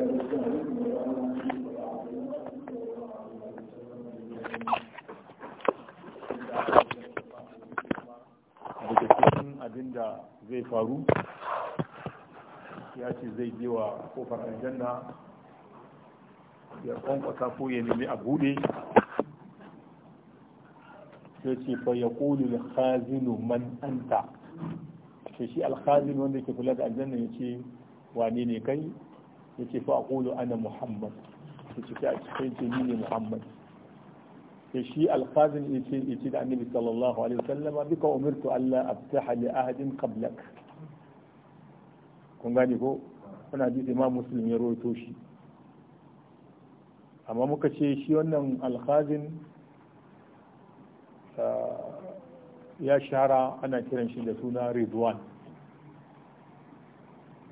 daga cikin abin da zai faru ya ce zai je wa kofar aljanna ya kwankwasa ko ya nemi a bude Ya ce fa ya ƙoli alhazinu man anta Ke shi alhazinu wanda ke kula da aljanna ya ce wane ne kai yace fa aqulu ana muhammad yace sai a cikin ce ne muhammad sai shi ce yace ce da annabi sallallahu alaihi wasallam bika umirtu allah abtaha li ahadin qablak kun gane ko kuna ji imam muslim ya rawaito shi amma muka ce shi wannan alkhazin ah, ya shahara ana kiran shi da suna ridwan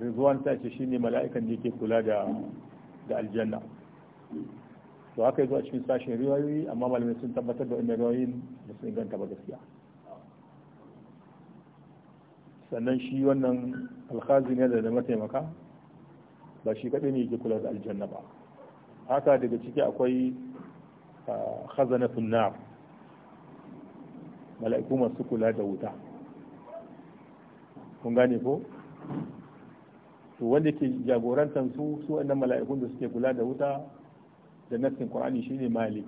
rizwan ta ce shine mala'ikan da yake kula da da aljanna to haka yazo a cikin sashen riwayoyi amma malamai sun tabbatar da wannan riwayoyin da sun inganta ba gaskiya sannan shi wannan alkhazi ne da mataimaka ba shi kaɗai ne yake kula da aljanna ba haka daga ciki akwai khazanatun nar mala'iku masu kula da wuta kun gane ko to wanda ke jagorantar su su wanda mala'ikun da suke kula da wuta da nassin qur'ani shine malik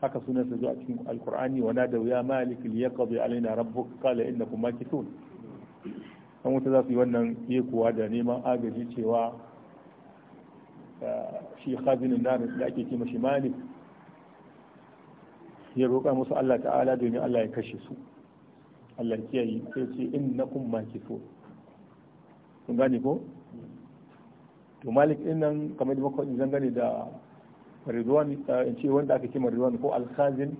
haka sunan sa zuwa cikin alqur'ani wa da ya malik liyaqdi alaina rabbuk qala innakum makithun an wuta za su yi wannan yekuwa da neman agaji cewa eh, shi khazinin nan da ake kima shi malik ya roƙa musu Allah ta'ala domin Allah ya kashe su Allah kiyaye sai ce innakum makithun kun gane ko to malik din nan kamar da muka zan gane da ridwan eh, in ce wanda aka kima ridwan ko al-khazin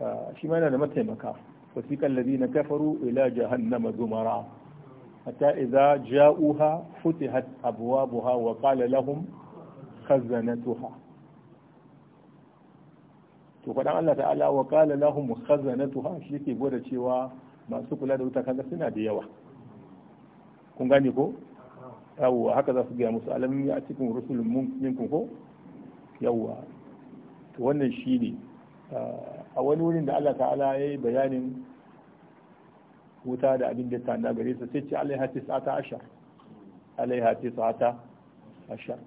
eh, shi ma yana da mataimaka wasiqa alladhina kafaru ila jahannama zumara hatta idza ja'uha futihat abwabuha wa qala lahum khazanatuha to faɗan Allah ta'ala wa qala lahum khazanatuha shi ke gwada cewa masu kula da wuta kaga suna da yawa kun gane ko yawwa haka za su gaya musu alamin ya cikin rusulun minkum ko yawwa to wannan shi ne ah, a wani wurin da Allah ta'ala ya yi bayanin wuta da abin da ta na gare su sai ce alaiha tis'ata ashar alaiha tis'ata ashar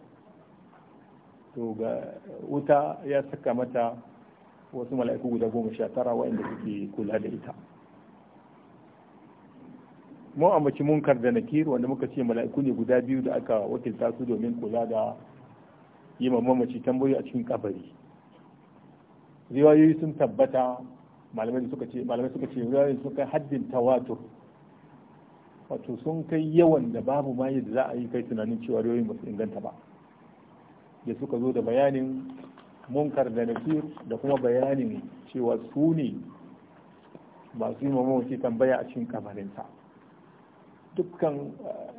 to ga wuta ya saka mata wasu mala'iku guda goma sha tara waɗanda suke kula da ita mun ambaci munkar da nakir wanda muka ce mala'iku ne guda biyu da aka wakilta su domin kula da yi mamaci tambayoyi a cikin kabari riwayoyi sun tabbata malamai suka ce malamai suka riwayoyi sun kai haddin tawatur wato sun kai yawan da babu ma yadda za a yi kai tunanin cewa riwayoyin ba su inganta ba da suka zo da bayanin munkar da nakir da kuma bayanin cewa su ne masu yi mamaci tambaya a cikin kabarinsa. dukkan eh,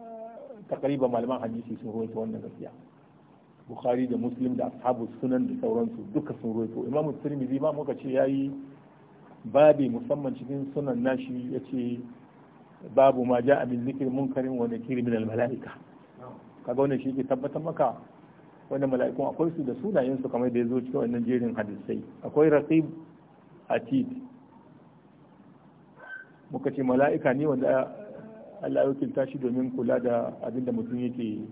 takariban malaman hadisi sun ruwaito wannan gaskiya bukhari da muslim da ashabu sunan da sauransu duka sun ruwaito imamu tirmidhi ma muka ce yayi babi musamman cikin sunan nashi yace babu ma ja'a min zikri munkarin wa nakiri min al malaika kaga wannan shi ke tabbatar maka wannan mala'ikun akwai su da sunayen su kamar da ya zo cikin wannan jerin hadisai akwai raqib atid muka ce mala'ika ne wanda Allah ya wakilta shi domin kula da abinda mutum yake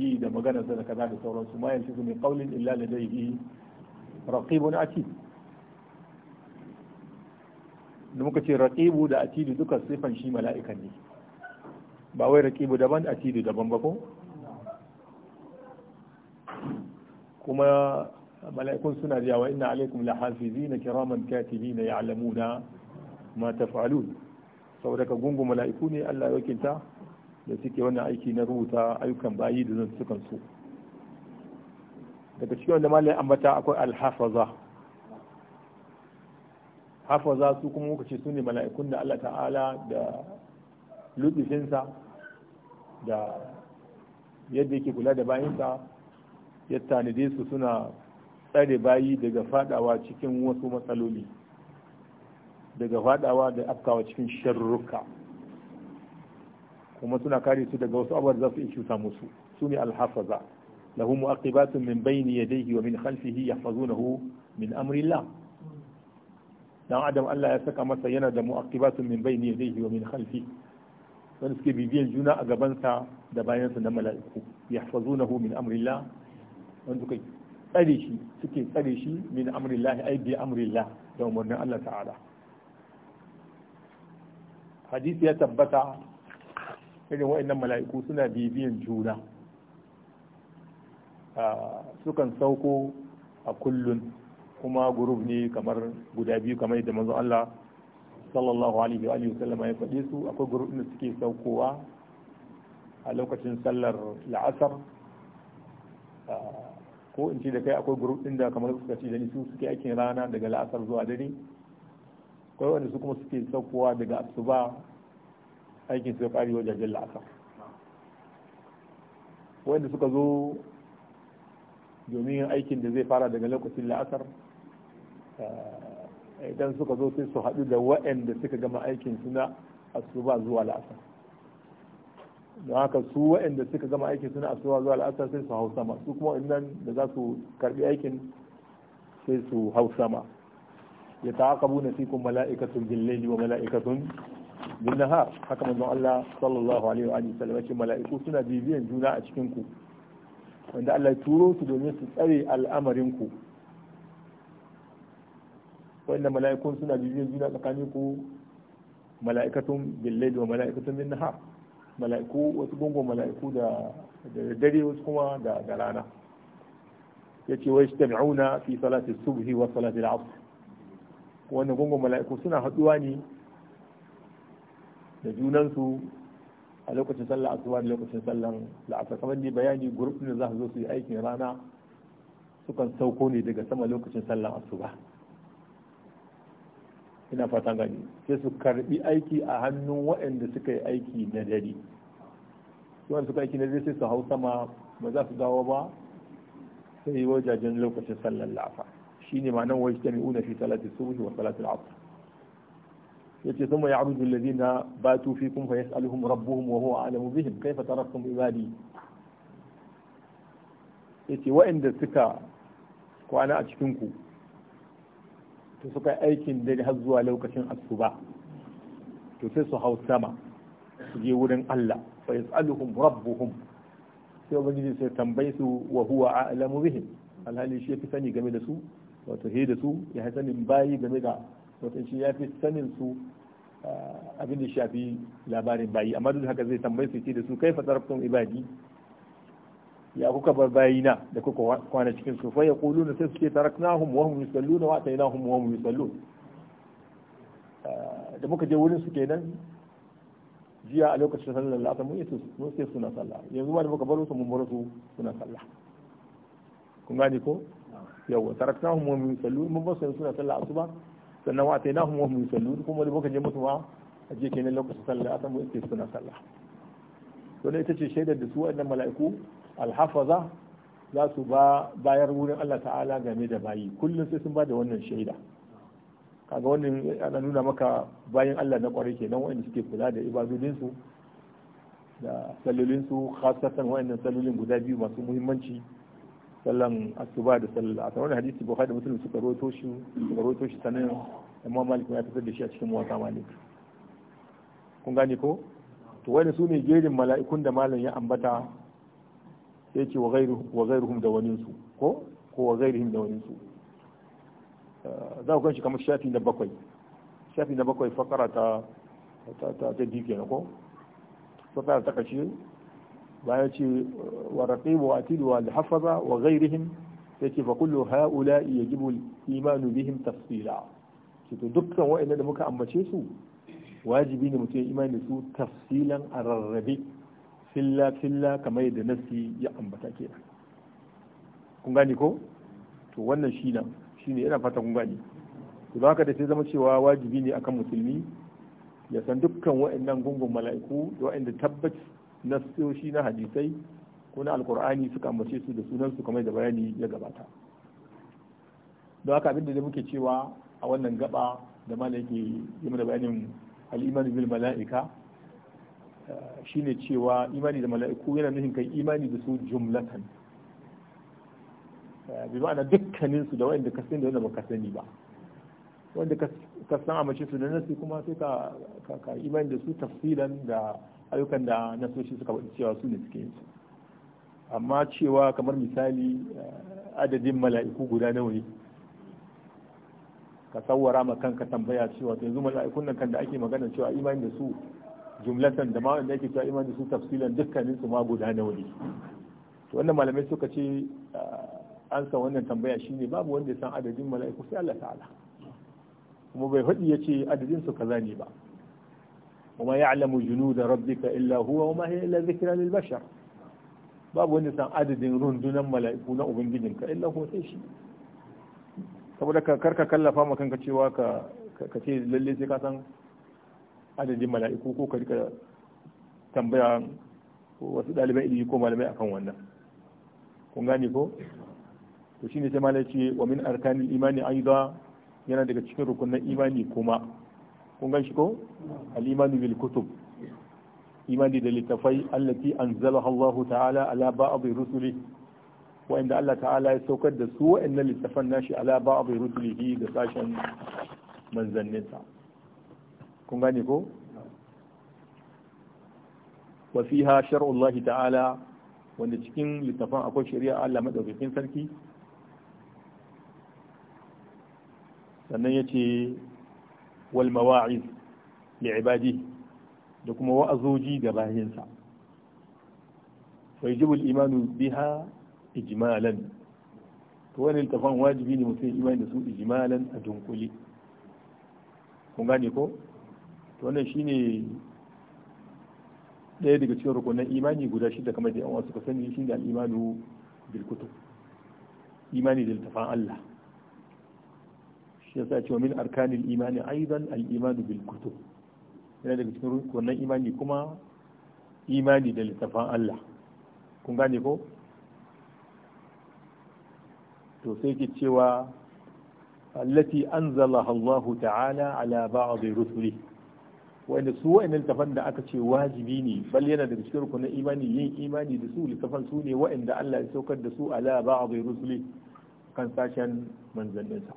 yi da magana da kaza da sauransu ma yanzu mai kaulin illa ladayhi raqibun atid da muka ce raqibu da atidu duka sifan shi mala'ika ne ba wai raqibu daban atidu daban ba ko kuma mala'ikun suna jawa inna alaikum lahafizina kiraman katibina ya'lamuna ma taf'alun saboda ka gungun mala'iku ne Allah ya wakilta da suke wannan aiki na rubuta ayyukan bayi da zan sukan so daga cikin wanda malai ambata akwai alhafaza hafaza su kuma muka ce su ne mala'ikun da Allah ta'ala da lutufinsa da yadda yake kula da bayinsa ya tanide su suna tsare bayi daga fadawa cikin wasu matsaloli daga fadawa da afkawa cikin sharruka kuma suna kare su daga wasu abubuwan za su iya cuta musu su ne alhafaza lahu mu'aqibatun min bayni yadayhi wa min khalfihi yahfazunahu min amrillah dan adam Allah ya saka masa yana da mu'aqibatun min bayni yadayhi wa min khalfihi wanda suke bibiyan juna a gabansa da bayansa na mala'iku yahfazunahu min amrillah wanda suka tsare shi suke tsare shi min amrillah ai bi amrillah da umarnin Allah ta'ala hadisi ya tabbata irin wa'annan mala'iku suna bibiyan juna sukan sauko a kullun kuma gurub ne kamar guda biyu kamar yadda manzon Allah sallallahu alaihi wa sallam ya faɗe su akwai gurub da suke saukowa a lokacin sallar la'asar ko in ce da kai akwai gurub ɗin da kamar suka ce da ni su suke aikin rana daga la'asar zuwa dare akwai wanda su kuma suke saukowa daga asuba aikin su ya ƙari wajajen la'asar wanda suka zo domin aikin da zai fara daga lokacin la'asar eh, idan suka zo sai su haɗu da waɗanda suka gama aikin suna asuba zuwa la'asar don haka su waɗanda suka gama aikin suna asuba zuwa la'asar sai su hau sama su kuma nan da za su karɓi aikin sai su hau sama yata'aqabuna fikum mala'ikatun bil wa mala'ikatun bin ha haka mazan Allah sallallahu alaihi wa alihi sallam ce mala'iku suna bibiyan juna a cikinku wanda Allah ya turo su domin su tsare al'amarinku wanda mala'ikun suna bibiyan juna tsakanin ku mala'ikatun bil wa mala'ikatun bin ha mala'iku wasu gungun mala'iku da dare wasu kuma da rana yace wa auna fi salatin subhi wa salatin al-'asr wannan gungun mala'iku suna haɗuwa ne da junansu a lokacin sallar asuba da lokacin sallar la'asa kamar ne bayani gurup ne za su zo su yi aikin rana sukan sauko ne daga sama lokacin sallar asuba ina fatan gani sai su karbi aiki a hannun waɗanda suka yi aiki na dare wanda suka aiki na dare sai su hau sama ba za su dawo ba sai wajajen lokacin sallar la'asa. shine ma'anar wa nuna fi salati subhi wa salati al-'asr yace thumma ya'rudu alladhina batu fikum fa yas'aluhum rabbuhum wa huwa a'lamu bihim kayfa taraktum ibadi yace wa'inda suka kwana a cikin ku to suka aikin dare har zuwa lokacin asuba to sai su hau sama su je wurin Allah fa yas'aluhum rabbuhum sai ubangiji sai tambaye su wa huwa a'lamu bihim alhali shi ya fi sani game da su wato he da su ya sanin bayi game da wato shi ya fi sanin su abin da shafi labarin bayi amma duk haka zai tambayi su ce da su kai fasarfin ibadi ya kuka bar na da kuka kwana cikin su fa na sai suke taraknahum wa hum yusalluna wa atainahum wa hum yusallun da muka je wurin su kenan jiya a lokacin sallar la'asar mun yi mun sai suna sallah yanzu ma da muka baro su mun su suna sallah kun gane ko yawa taraknahum wa hum mun basu suna sallah asuba sannan wa atainahum wa hum yusallun kuma da muka je musu ma a je kenan lokacin sallah asan mu yake suna sallah to ne ita ce shaidar da su wannan mala'iku alhafaza za su ba bayar wurin Allah ta'ala game da bayi kullum sai sun ba da wannan shaida kaga wannan ana nuna maka bayan Allah na kwarai kenan wanda suke kula da su da su khasatan wa'annan sallolin guda biyu masu muhimmanci sallan asuba da sallah a wannan hadisi bukhari da muslim suka roto shi suka roto shi sanin amma malik ya fitar da shi a cikin muwatta malik kun gane ko to wani su ne gerin mala'ikun da malam ya ambata sai ce wa gairuhum da wani su ko ko wa gairuhum da wani su eh, za ku ganshi kamar shafi na bakwai shafi na bakwai fakara ta ta ta ta ko fakara ta kashe. baya ce wa raqibu wa atidu wa hafaza wa ghairihim yace fa kullu haula yajibu imanu bihim tafsila ce to dukkan waɗanda da muka ambace su wajibi ne mutum ya imani su tafsilan a rarrabe filla filla kamar yadda nasi ya ambata kenan kun gane ko to wannan shi nan shi ne yana fata kun gane to don haka da sai zama cewa wajibi ne akan musulmi ya san dukkan waɗannan gungun mala'iku da waɗanda tabbaci nasoshi na hadisai ko na alkur'ani suka ambace su da sunansu kamar da bayani ya gabata don haka abinda da muke cewa a wannan gaba da mana yake yi da bayanin al'imani bil mala'ika eh, shine cewa imani da mala'iku yana nufin kai imani da su jumlatan eh, bi ma'ana dukkanin su da wanda ka sani da wanda baka sani ba wanda ka san amince su da nasi kuma sai ka imani da su tafsilan da ayyukan da nasoshi suka faɗi cewa su ne suke yin amma cewa kamar misali eh, adadin mala'iku guda nawa ne ka tsawara ma kanka tambaya cewa to yanzu mala'ikun nan kan da ake magana cewa imani da su jumlatan da ma wanda ake cewa imani da su tafsilan dukkanin su ma guda nawa ne to wannan malamai suka ce eh, an san wannan tambaya shine babu wanda ya san adadin mala'iku sai Allah ta'ala kuma bai faɗi ya ce adadin su kaza ne ba وما يعلم جنود ربك إلا هو وما هي إلا ذكرى للبشر باب ونسان عدد رندنا ملائكونا أبنجدنك إلا هو سيشي saboda ka karka kallafa ma kanka cewa ka ka ce lalle sai ka san adadin mala'iku ko ka rika tambaya wasu ɗaliban ilimi ko malamai akan wannan kun gane ko to shine sai malai ce wa min arkanil imani aida yana daga cikin rukunin imani kuma kun gan shi ko al-imanu bil kutub imani da littafai allati anzalaha Allahu ta'ala ala ba'd rusuli wa inda Allah ta'ala ya saukar da su na littafan nashi ala ba'd rusulihi da sashen manzanninsa kun gane ko wa fiha shar'u Allah ta'ala wanda cikin littafan akwai shari'a Allah madaukakin sarki sannan yace wal mawa'iz li ibadihi da kuma wa'azoji ga bayinsa fa yajibu imanu biha ijmalan to wani littafan wajibi ne mutum imani da su ijmalan a dunkuli kun gane ko to wannan shine ɗaya daga cikin rukunan imani guda shida kamar da yan wasu ka sani shine al-imanu bil kutub imani da tafan Allah shi yasa cewa min arkanil imani aidan al bil kutub yana daga cikin wannan imani kuma imani da littafan Allah kun gane ko to sai ke cewa allati anzala Allah ta'ala ala ba'd rusuli wanda su wa'annan littafan da aka ce wajibi ne bal yana daga cikin rukunin imani yin imani da su littafan su ne wa'anda Allah ya saukar da su ala ba'd rusuli kan sashen sa.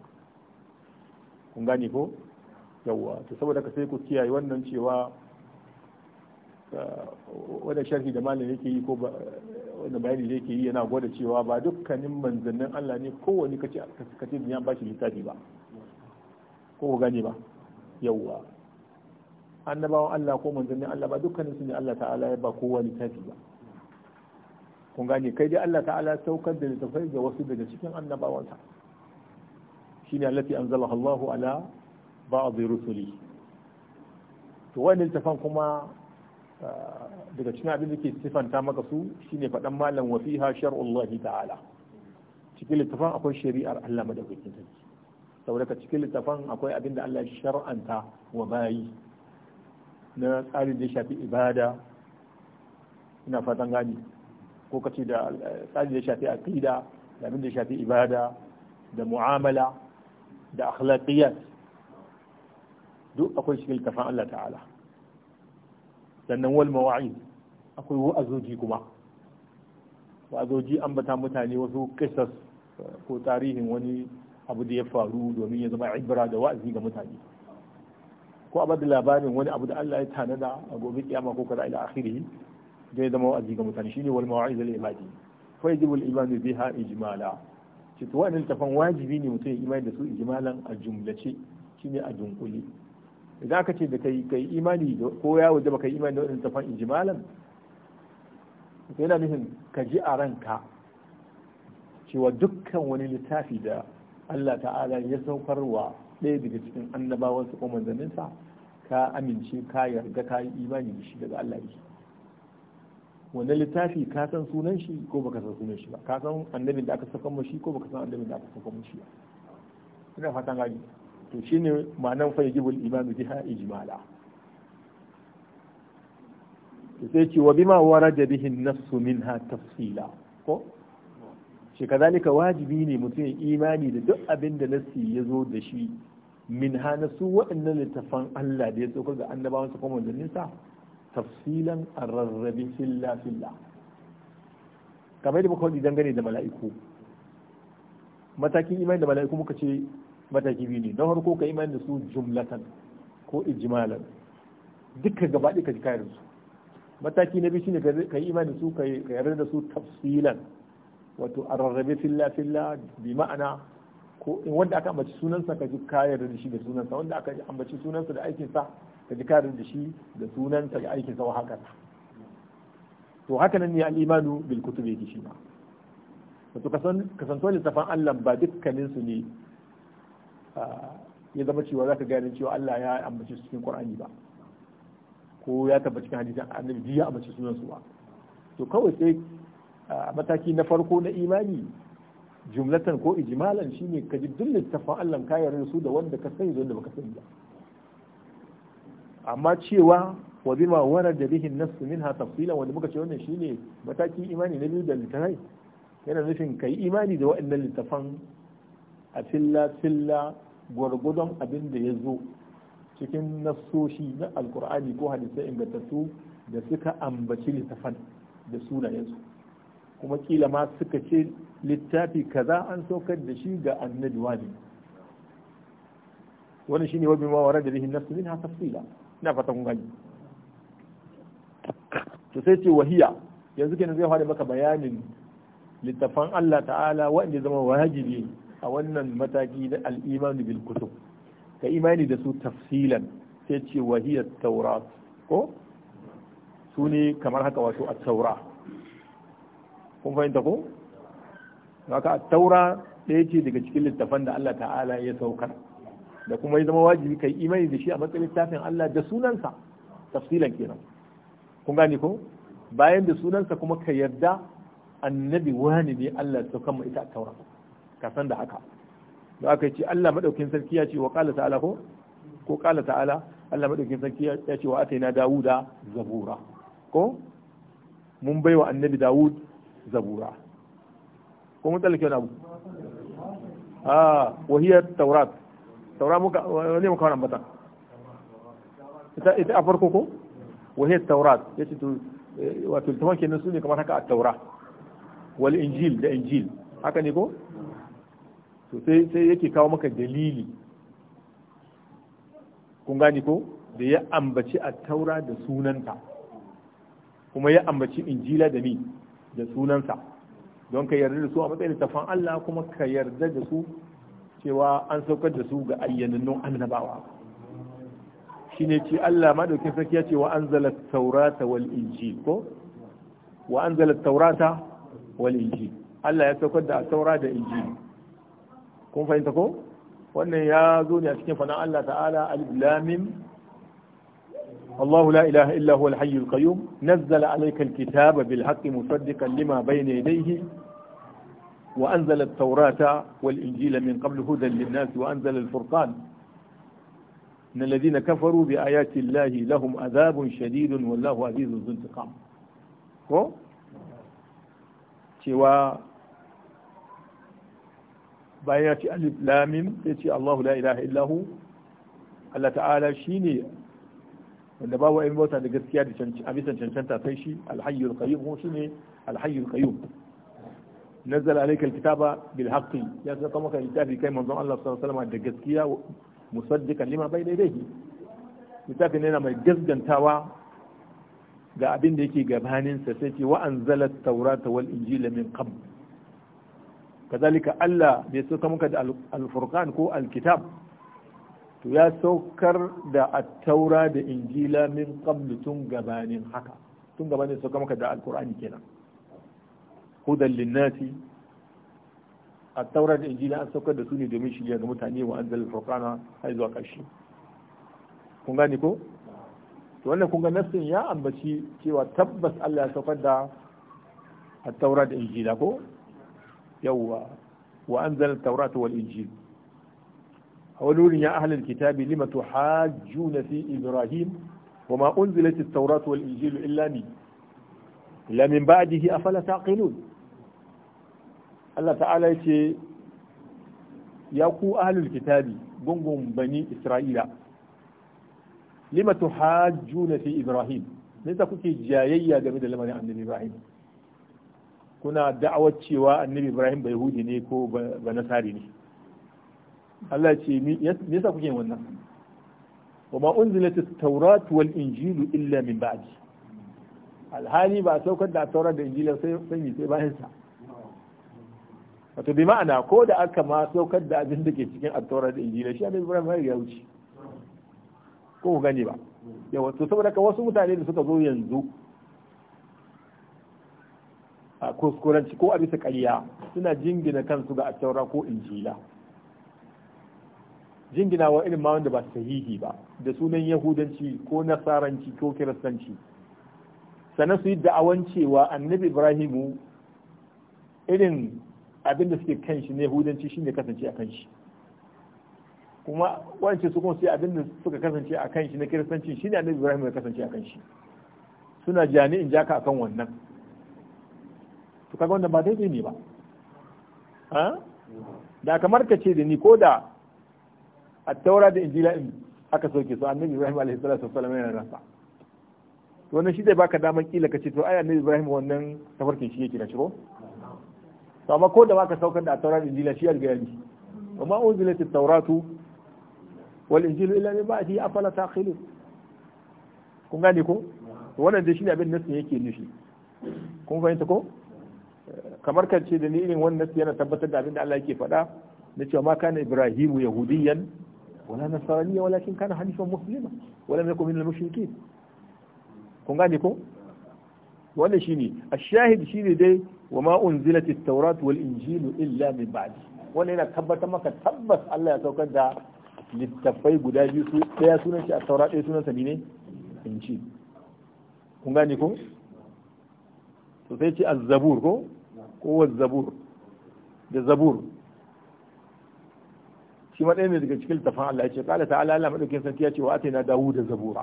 kun gane ko yawwa to saboda ka sai ku kiyaye wannan cewa eh, wannan sharhi da malam yake yi ko wannan bayani da yake yi yana gwada cewa ba dukkanin manzannin Allah ne kowane kace kace ya shi littafi ba ko ku gane ba yawwa annabawan Allah ko manzannin Allah ba dukkanin su ne Allah ta'ala ya ba kowa littafi ba kun gane kai dai Allah ta'ala saukar da littafai ga wasu daga cikin annabawansa shine allati anzalaha Allahu ala ba'd rusuli to wani tafan kuma ah, daga cikin abin da ke sifanta maka su shine faɗan malam wa fiha Allah ta'ala cikin littafan akwai shari'ar Allah madaukakin sarki saboda ka cikin littafan akwai abin da Allah shar'anta wa bayi na tsarin da ya shafi ibada ina fatan gani ko kace da eh, tsarin da ya shafi aqida da abin da ya shafi ibada da mu'amala da akhlaqiyat duk akwai shi littafin Allah ta'ala sannan wal mawa'iz akwai wa'azoji kuma wa'azoji an bata mutane wasu kisas ko tarihin wani abu da ya faru domin ya zama ibra da wa'azi ga mutane ko abada labarin wani abu da Allah ya tanada a gobe kiyama ko kada ila akhirih da ya zama wa'azi ga mutane shine wal mawa'iz al ibadi fa yajibu al iman biha ijmala ce to wa'annan littafan wajibi ne mutum ya imani da su ijimalan a jumlace shine a dunkule idan aka ce da kai kai imani ko ya waje baka imani da wa'annan littafan ijmalan yana nufin ka ji a ranka cewa dukkan wani littafi da Allah ta'ala ya saukarwa ɗaya daga cikin annabawansa ko manzanninsa ka amince ka yarda ka yi imani da shi daga Allah yake wani littafi ka san sunan shi ko baka san sunan shi ba ka san annabin da aka saka mashi ko baka san annabin da aka saka mashi ba ina fatan gani to shine ma'anan fa yajibul imanu biha ijmala to sai ce wa bima warada bihi an-nass minha tafsila ko shi kazalika wajibi ne mutum ya imani da duk abin da nassi ya zo da shi min hana su waɗannan littafan Allah da ya tsokar ga annabawan su kuma sa? tafsilan a rarrabe filla filla kamar dangane da mala'iku matakin imani da mala'iku muka ce mataki biyu ne don harko ka imani da su jumlatan ko ijmalan duka gaba ɗaya ka ji mataki na biyu shine ka yi imani da yarda da su tafsilan wato a rarrabe filla ma'ana ko wanda aka ambaci sunansa ka ji da shi da sunansa wanda aka ambaci sunansa da aikinsa ta ji karin da shi da sunansa da aikin sau haka to haka nan ne al'imanu bil kutube ki shi ba wato kasantuwar littafin Allah ba dukkanin su ne ya zama cewa za ka gane cewa Allah ya ambaci su cikin Qur'ani ba ko ya tabbata cikin hadisin annabi ya ambace sunan su ba to kawai sai a mataki na farko na imani jumlatan ko ijmalan shine ka ji duk littafin Allah ka yarda su da wanda ka sani da wanda baka sani ba amma cewa wa wara da bihin nasu min ha tafsila wanda muka ce wannan shine mataki imani na biyu da littafai yana nufin kai imani da waɗannan littafan a filla filla gwargwadon abin da ya zo cikin nasoshi na alkur'ani ko hadisai ingantattu da suka ambaci littafan da sunayensu kuma kila ma suka ce littafi kaza an saukar da shi ga annabi wani wannan shine wabi ma da bihi nasu min ha tafsila ina fata kun gani to sai ce wahiya yanzu kenan zai fara maka bayanin littafan Allah ta'ala wanda zama wajibi a wannan mataki na al-imani bil kutub ka imani da su tafsilan sai ce wahiya taura ko su ne kamar haka wato a taura kun fahimta ko haka a taura ɗaya ce daga cikin littafan da Allah ta'ala ya saukar da kuma ya zama wajibi kai imani da shi a matsayin littafin Allah da sunansa tafsilan kenan kun gane ko bayan da sunansa kuma ka yarda annabi wani ne Allah ya sauka ita a taura ka san da haka da aka ce Allah madaukin sarki ya ce wa qala ta'ala ko ko qala ta'ala Allah madaukin sarki ya ce wa ataina Dawuda zabura ko mun baiwa annabi Dawud zabura ko mun ke wani abu ah wahiyar taurat taura muka wani muka wannan bata ita ita a farko ko wahiyar taurat ya ce to eh, wato littafan kenan su ne kamar haka a taura wal injil da injil haka ne ko to sai sai yake kawo maka dalili kun gani ko da ya ambaci a taura da sunanta kuma ya ambaci injila da ni da sunansa don ka yarda da su a matsayin littafan Allah kuma ka yarda da su cewa an saukar da su ga ayyanannun annabawa Shi ne ce Allah madaukin sarki ya ce wa an zala taurata wal injil ko wa an zala taurata wal injil Allah ya saukar da taura da injil kun fahimta ko wannan ya zo ne a cikin fadan Allah ta'ala la ilaha الله لا إله إلا هو الحي القيوم نزل عليك الكتاب بالحق مصدقا لما بين يديه وأنزل التوراة والإنجيل من قبل هدى للناس وأنزل الفرقان إن الذين كفروا بآيات الله لهم عذاب شديد والله عزيز ذو انتقام ko cewa bayan ya ci alif lamin ya ce Allahu la ilaha illahu Allah ta'ala shine wanda ba wa'in bauta da gaskiya da a bisan cancanta sai shi alhayyul qayyum ko shine alhayyul qayyum na alayka alkitaba bil haqqi ya saka maka littafi kai manzon Allah sallallahu alaihi wasallam da gaskiya musaddiqan lima bayna yadayhi littafin yana mai gaskantawa ga abin da yake gabanin sa sai ce wa anzala tawrata wal injila min qabl kazalika Allah bai sauka maka da alfurqan ko alkitab to ya saukar da taura da injila min qabl tun gabanin haka tun gabanin sauka maka da alkur'ani kenan hudan linnati a taura da injila an saukar da su ne domin shirya ga mutane wa anzal furqana har zuwa ƙarshe kun gane ko to wannan kun ga nassin ya ambaci cewa tabbas Allah ya saukar da at-taura da injila ko yawwa wa anzal at-taurata wal injil أولون يا أهل الكتاب لم تحاجون في إبراهيم وما أنزلت التوراة والإنجيل إلا من إلا من بعده أفلا تعقلون Allah ta'ala ce ya ku ahlul kitabi gungun bani isra'ila lima tuhajjuna fi ibrahim ne yasa kuke jayayya game da lamarin annabi ibrahim kuna da'awar cewa annabi ibrahim bai hudi ne ko ba nasari ne Allah ce me yasa kuke wannan wa ma unzilat at-taurat wal injilu illa min ba'di alhali ba a saukar da taurat da injila sai sai bayan sa wato bi ma'ana ko da aka ma saukar da abin da ke cikin attaura da injila shi annabi ibrahim ya wuce ko ku gane ba ya wato saboda ka wasu mutane da suka zo yanzu a kuskuranci ko a bisa ƙarya suna jingina kansu ga attaura ko injila jingina wa irin ma da ba sahihi ba da sunan yahudanci ko nasaranci ko kiristanci sannan su yi da'awan cewa annabi ibrahimu irin abin da suke kan shi ne hudanci shine kasance a kan shi kuma wancan su kuma sai abin da suka kasance a kan shi na kiristanci shi ne annabi Ibrahim ya kasance a kan shi suna jani in jaka kan wannan to kaga wannan ba daidai ne ba ha da kamar ka ce da ni ko da a taura da injila in aka sauke su annabi Ibrahim alaihi salatu wassalam yana rasa to wannan shi zai baka damar kila ka ce to ai annabi Ibrahim wannan tafarkin shi yake da shi ko to amma ko da ka saukar da taurat injila shi alga yayi amma unzilat at-tauratu wal injilu illa min ba'di afala taqilun kun gane ko wannan dai ne abin nasu yake nufi kun fahimta ko kamar kan ce da ni irin wannan nasu yana tabbatar da abin da Allah yake faɗa na cewa ma kana ibrahimu yahudiyan wala nasraniya walakin kana hanifan muslima wala yakun al mushrikin kun gane ko wannan shine ash-shahid shine dai wa ma unzilati tawrat wal injil illa min ba'di wannan yana tabbatar maka tabbas Allah ya saukar da littafai guda biyu su daya sunan shi at taura daya sunan sa ne injil kun gane ko to sai ce az-zabur ko ko az-zabur da zabur shi ma ɗaya ne daga cikin tafan Allah ya ce qala ta'ala Allah madaukakin sarki ya ce wa atina dawuda zabura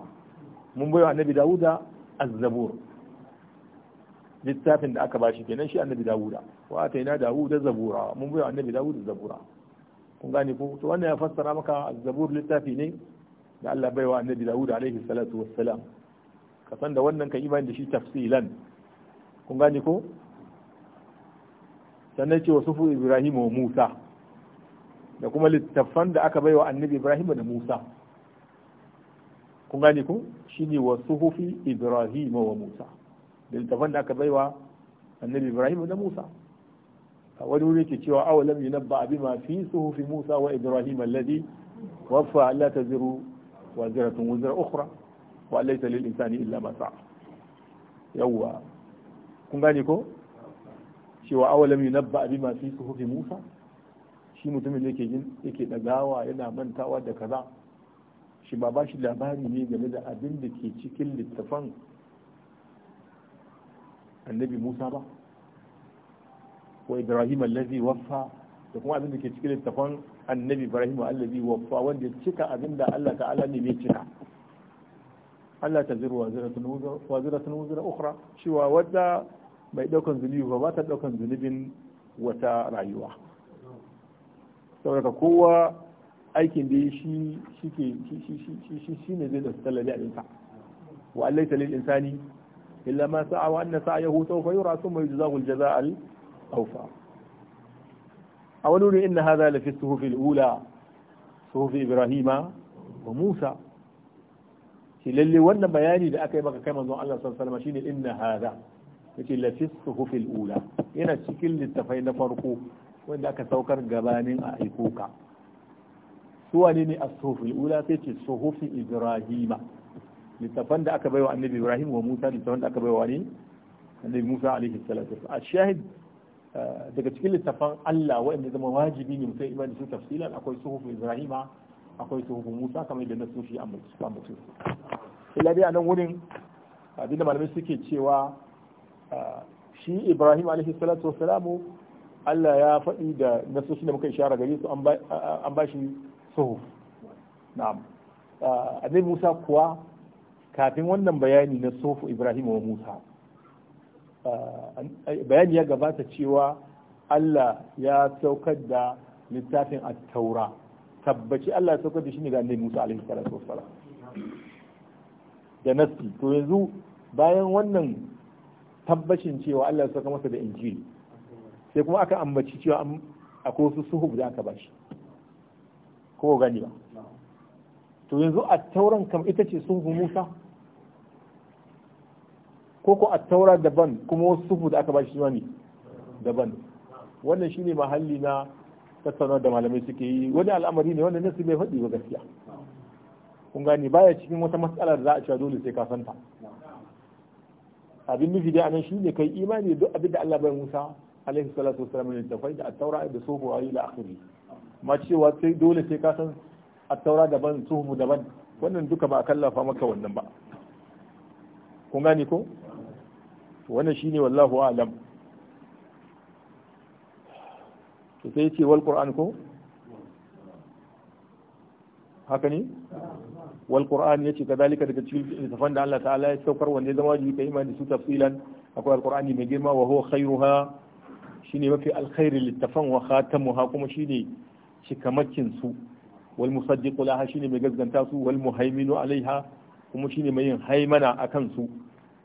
mun bayo annabi dawuda az-zabur littafin da aka bashi kenan shi annabi dawuda wa ataina dawuda zabura mun bayo annabi dawuda zabura kun gane ko to wannan ya fassara maka zabur littafi ne da Allah bai wa annabi dawuda alaihi salatu wassalam ka san da wannan ka imani da shi tafsilan kun gane ko sannan ce fu ibrahim wa musa da kuma littafan da aka bai wa annabi ibrahim da musa kun gane ko shine wasuhufi ibrahim wa musa da littafan da aka baiwa annabi ibrahim da musa a wani wuri ke cewa awalam yunabba bima fi suhufi musa wa ibrahim alladhi Wafa alla taziru wa ziratun wuzra ukhra wa laysa lil insani illa ma sa'a yawwa kun gane ko cewa awa awalam yunabba bima fi suhufi musa shi mutumin da yake jin yake dagawa yana mantawa da kaza shi ba ba shi labari ne game da abin da ke cikin littafan annabi Musa ba wa Ibrahim allazi waffa da kuma abin da ke cikin littafin annabi Ibrahim allazi waffa wanda cika abin da Allah ta'ala ne mai cika Allah ta zira wa zira tun wuzira ukhra cewa wadda mai daukan zunubi ba ba ta daukan zunubin wata rayuwa saboda kowa aikin da shi shi shi shi shi ne zai da tallabi a ɗinsa wa allaita lil insani illa ma sa'a wa anna sa'yahu sawfa yura thumma yujzahu al-jazaa al-awfa aw nuri inna hadha la fi as-suhuf al-ula suhuf ibrahima wa musa shi lalle wannan bayani da aka yi maka kai manzon Allah sallallahu alaihi wasallam shine inna hadha yace la fi as yana cikin littattafai na farko wanda aka saukar gabanin a aikoka suwa ne ne a suhuf al sai ibrahima littafan da aka baiwa annabi ibrahim wa musa littafan da aka baiwa ne annabi musa alaihi salatu a shahid eh, daga cikin littafan allah waɗanda zama wajibi ne mutum imani su tafsilan akwai suhufu ibrahima akwai suhufu musa kamar yadda na sushi a mutum ila dai a nan wurin abin abinda malamai suke cewa eh, shi ibrahim alaihi salatu wasalamu allah ya faɗi da nasoshi da muka ishara gare su an ba shi suhuf na'am eh, annabi musa kuwa kafin wannan bayani na sofu ibrahim wa musa ah, bayani ya gabata cewa allah ya saukar da littafin a taura tabbaci allah ya saukar da shi ne ga annabi musa alaihi salatu wassalam da nasti to yanzu bayan wannan tabbacin cewa allah ya saukar masa da injili sai kuma aka ambaci cewa akwai wasu suhu da aka bashi ko gani ba to yanzu a tauren kam ita ce suhub musa ko ko a taura daban kuma wasu sufu da aka ba shi wani daban wannan shine mahalli na tattauna da malamai suke yi wani al'amari ne wanda nasu bai faɗi ba gaskiya kun gane baya cikin wata matsalar za a cewa dole sai ka santa abin nufi dai anan shine kai imani duk abin da Allah bai Musa alaihi salatu wassalam ne da da at-taura da sufu ayi ila akhiri ma cewa sai dole sai ka san at-taura daban sufu daban wannan duka ba a kallafa maka wannan ba kun gane ko wannan shine wallahu a'lam to sai ce wal qur'an ko haka ne wal qur'an yace kadalika daga cikin littafan da Allah ta'ala ya saukar wanda ya zama wajibi kai imani su tafsilan akwai qur'ani mai girma wa huwa khairuha shine mafi alkhairi littafan wa khatamuha kuma shine cikamakin su wal musaddiqu laha shine mai gazganta su wal muhaiminu alaiha kuma shine mai yin haimana akan su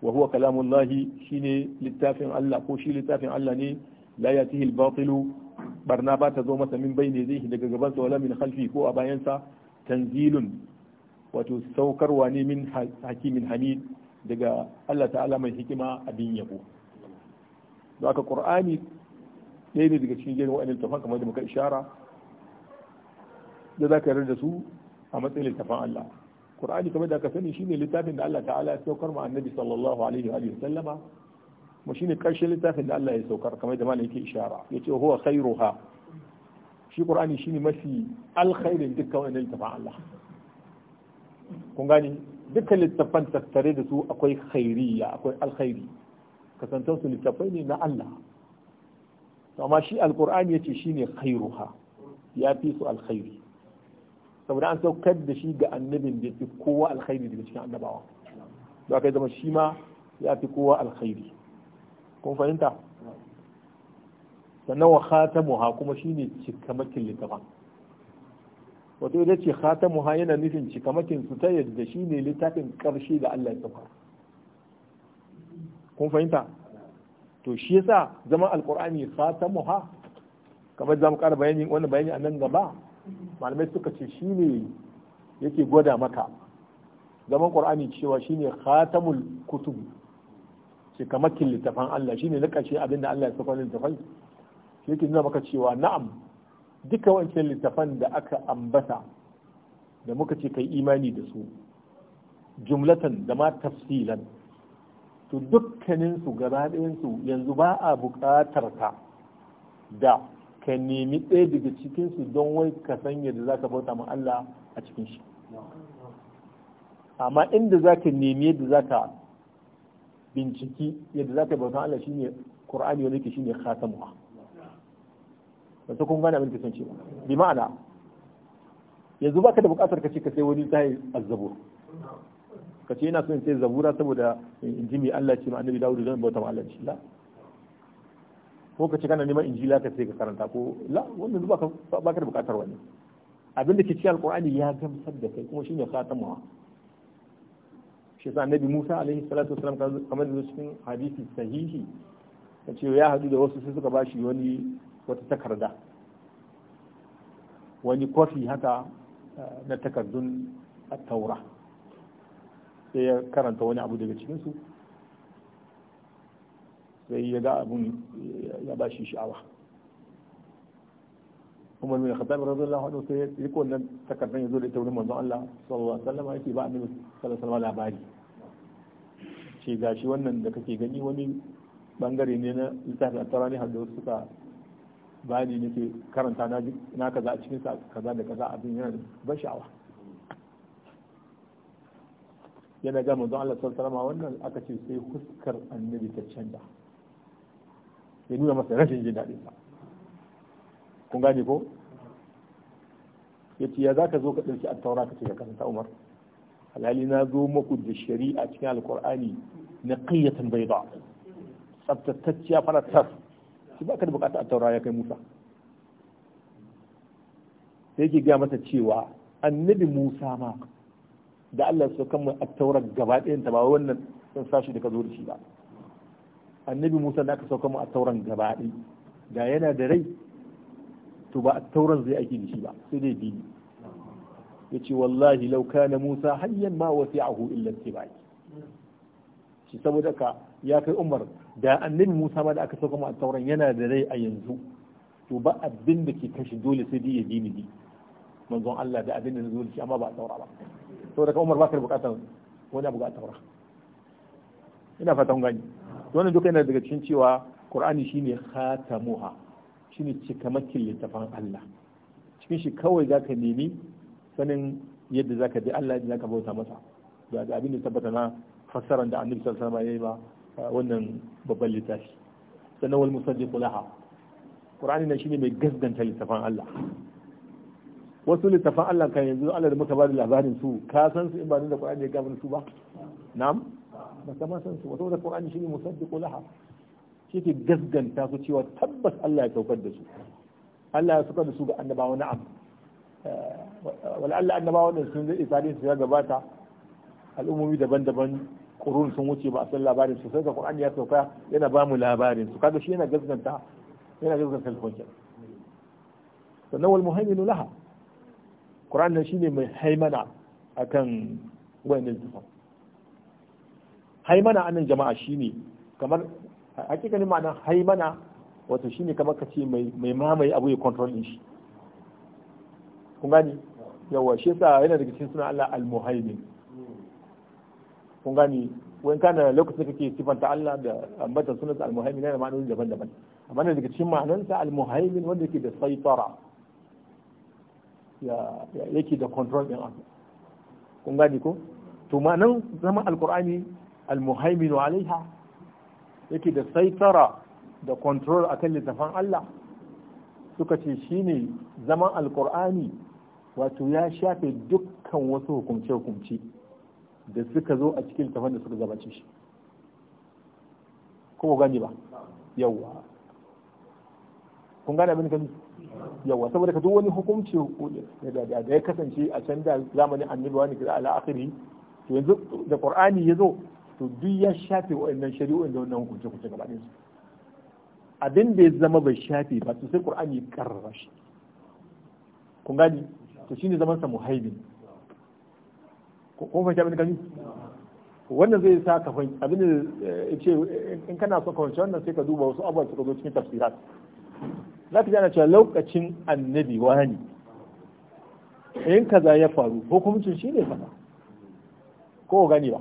wa huwa kalamullahi shine littafin Allah ko shi littafin Allah ne la yatihi al-batilu barna ba ta zo masa min bayne zai daga gaban sa wala min khalfi ko a bayan sa tanzilun wato saukarwa ne min hakimin hamid daga Allah ta'ala mai hikima abin yabo don haka qur'ani ɗaya ne daga cikin jerin wa'annan tafan kamar da muka ishara da za ka yarda da su a matsayin littafin Allah qur'ani kamar da ka sani shine littafin da Allah ta'ala ya saukar ma annabi sallallahu alaihi wa sallama mu shine karshe littafin da Allah ya saukar kamar da malam yake ishara yace huwa khairuha shi qur'ani shine mafi alkhairin dukkan wannan littafin Allah kun gani dukkan littafan tattare da su akwai khairiyya akwai alkhairi kasantar su littafai ne na Allah amma shi alkur'ani yace shine khairuha ya fi su alkhairi saboda an saukar da shi ga annabin da fi kowa alkhairi daga cikin annabawa da aka zama shi ma ya fi kowa alkhairi kun fahimta sannan wa khatamuha kuma shi ne cikamakin littafin wato ita ce khatamuha yana nufin cikamakin su ta yadda ne littafin karshe da Allah ya saka kun fahimta to shi yasa zama alqur'ani khatamuha kamar zamu ƙara bayani wannan bayani a nan gaba malamai suka ce shi ne yake gwada maka zaman ƙur'ani cewa shi ne khatamul kutub ce kamakin littafan Allah shi ne na ƙashe abinda Allah ya saukar littafai shi yake nuna maka cewa na'am duka wancan littafan da aka ambata da muka ce kai imani da su jumlatan da ma tafsilan to dukkaninsu gaba ɗayansu yanzu ba a buƙatar ka da ka nemi ɗaya daga cikinsu don wai ka san yadda za ka bauta ma Allah a cikin shi amma inda za ka nemi yadda za ka binciki yadda za ka bauta Allah shine Qur'ani wanda yake shine khatamuha ba ta kun gane abin da kasance ba bi ma'ana yanzu baka da bukatar ka ce ka sai wani yi azzabur ka ce ina son in sai zabura saboda in ji mai Allah ce ma annabi Dawud don bauta ma Allah ce ko ka ce kana neman injila ka sai ka karanta ko la wannan ba ka ba ka bukatar wani abin da ke cikin alqur'ani ya gamsar da kai kuma shine khatamawa shi sa annabi Musa alaihi salatu wasalam kamar da cikin hadisi sahihi ka ce ya hadu da wasu sai suka bashi wani wata takarda wani kofi haka eh, na takardun taura sai ya karanta wani abu daga cikinsu sai ya ga abun ya ba shi sha'awa umar bin khattab radiyallahu anhu sai yi ko wannan takardar ya zo da ita wurin manzon Allah sallallahu alaihi wasallam yake ba annabi sallallahu alaihi wasallam labari ce gashi wannan da kake gani wani bangare ne na littafin at-tarani har da suka bani nake karanta na na kaza a cikin sa kaza da kaza abin yana da ban sha'awa yana ga manzon Allah sallallahu alaihi wasallam wannan aka ce sai huskar annabi ta canza ya nuna masa rashin jin daɗin sa kun gane ko yace ya zaka zo ka ɗauki attaura ka ce ka karanta Umar halali na zo muku da shari'a cikin alkur'ani na qiyatan bayda tsabtatacciya fara tas shi baka da bukata attaura ya kai Musa sai yake gaya mata cewa annabi Musa ma da Allah su kan mu attaurar gaba ɗayan ta ba wannan sun sashi da ka zo da shi ba annabi Musa da aka sauka mu a tauran gaba da yana da rai to ba a tauran zai aiki da shi ba sai dai dini yace wallahi law kana Musa hayyan ma wasi'ahu illa tibai shi saboda ka ya kai Umar da annabi Musa ma da aka sauka mu a tauran yana da rai a yanzu to ba abin da ke kashi dole sai dai ya dini di manzon Allah da abin da zo shi amma ba a taura ba saboda ka Umar ba ka bukatar wani abu ga taura ina fatan gani wannan duka yana daga cikin cewa qur'ani shine khatamuha shine cikamakin littafin Allah cikin shi kawai zaka nemi sanin yadda zaka bi Allah yadda zaka bauta masa da abin da tabbata na fassara da annabi sallallahu alaihi wasallam ya yi ba wannan babban littafi sannan wal musaddiq laha qur'ani ne shine mai gaskanta littafin Allah wasu littafin Allah kan yanzu Allah da muka ba da labarin su ka san su in ba da qur'ani ya gaban su ba na'am ba kama san su wato da Qur'ani shine musaddiqu laha shi ke gasganta su cewa tabbas Allah ya saukar da su Allah ya saukar da su ga annabawa na'am eh, wal Allah annabawa da sun zai tarihin su ya gabata al'ummomi daban-daban kurun sun wuce ba a san labarin su sai ga Qur'ani ya sauka yana ba mu labarin su kaga shi yana gasganta yana gasganta hukuncin sannan wal muhaimin laha Qur'an nan shine mai haimana akan wayannan tafsir haimana anan jama'a shine kamar hakikanin ma'anar haimana wato shine kamar ka ce mai mamaye abu ya control shi kun gani yawa shi yasa yana daga cikin suna Allah al-muhaimin kun gani wani kana lokacin kake sifanta Allah da ambatan sunansa al-muhaimin yana ma'anoni daban-daban amma yana daga cikin sa al-muhaimin wanda yake da saitara ya yake da control din abu kun gani ko to ma'anan zama alqur'ani al-muhaimin alaiha yake da saitara da control a kan littafan Allah suka ce shi ne zaman alkur'ani wato ya shafe dukkan wasu hukumce-hukumce da suka zo a cikin littafan da suka gabace shi ko gani ba yawa, kun gane abin kani yawa saboda ka duk wani hukunci da ya kasance a can da zamanin annabi wani kaza ala to yanzu da qur'ani ya zo. to duk ya shafe wa'annan shari'o'in da wannan hukunci hukunce gaba ɗayan su abin da ya zama bai shafe ba to sai qur'ani ya karrara shi kun gani to shine zaman sa muhaibin kun fahimta abin gani wannan zai sa ka fahimci abin da eh, ce eh, in kana so ka fahimci wannan sai ka duba wasu abubuwa suka zo cikin tafsirat za ka ji ana cewa lokacin annabi wani in kaza ya faru hukuncin shi ne ko gani ba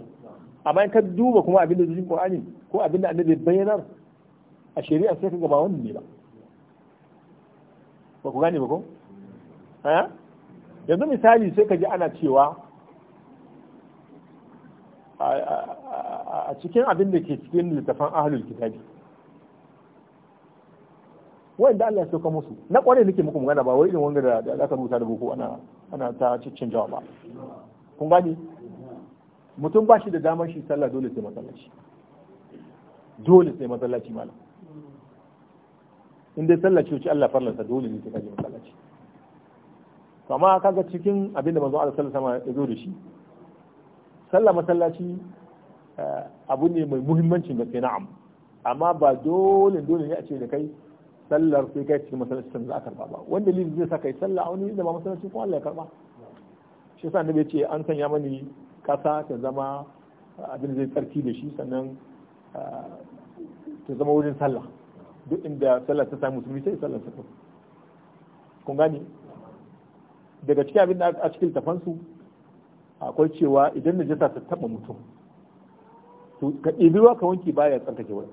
amma in ka duba kuma abin da cikin ƙwa'ani ko abin da annabi bayyanar a shari'a sai ka gaba wani wannan ne ba ba ku gane ba ko yanzu misali sai ka ji ana cewa a cikin abin da ke cikin littafan ahlul kitabi wanda Allah ya sauka musu na kware nake muku magana ba wai irin wanda da aka rubuta da boko ana ana ta cancanta ba kun gani mutum ba shi da damar shi sallah dole sai masallaci dole sai masallaci malam inda sallaci sallah wuce Allah farlansa dole ne sai kaje masallaci to amma kaga cikin abin da manzon Allah sallallahu alaihi wasallam ya zo da shi sallah masallaci eh, abu ne mai muhimmancin gaske na'am amma ba dole dole ne a ce da kai sallar sai kai cikin masallaci sai za a karba ba wanda lili zai sa kai sallah a wani inda ba masallaci ko Allah ya karba shi yasa annabi ya ce an sanya mani kasa ta zama ah, abin zai tsarki da shi sannan ah, ta zama wurin sallah duk inda sallah ta samu musulmi sai sallah ta kun gane daga cikin abin da a cikin tafansu akwai cewa idan jasa ta taba mutum to ka ɗibi ruwa ka wanke baya tsarkake wurin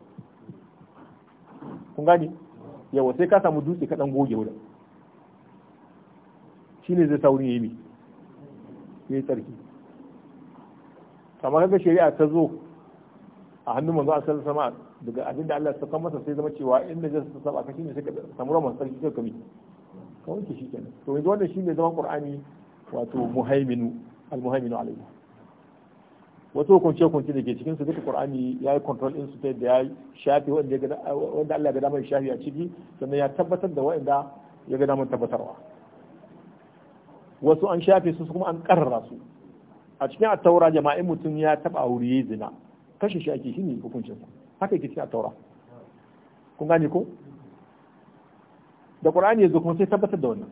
kun gane yawa sai ka samu dutse ka ɗan goge wurin ne zai sauri yi ne ya yi tsarki kamar haka shari'a ta zo a hannun manzo a sallar sama daga abin da Allah ya saka masa sai zama cewa inda jinsu ta saba kashi ne sai ka samu ramar sarki sai ka bi ka wanke shi kenan to yanzu wannan shine zama qur'ani wato muhaiminu almuhaiminu alayhi wasu hukunce hukunce da ke cikin su duka qur'ani ya yi control din su ta yadda ya shafi wanda Allah ya ga damar shafi a ciki sannan ya tabbatar da wanda ya ga damar tabbatarwa wasu an shafe su kuma an karrara su a cikin attaura jama'in mutum ya taba aure yayi zina kashe shi ake shine hukuncin sa haka yake cikin attaura kun gane ko da qur'ani yazo kuma sai tabbatar da wannan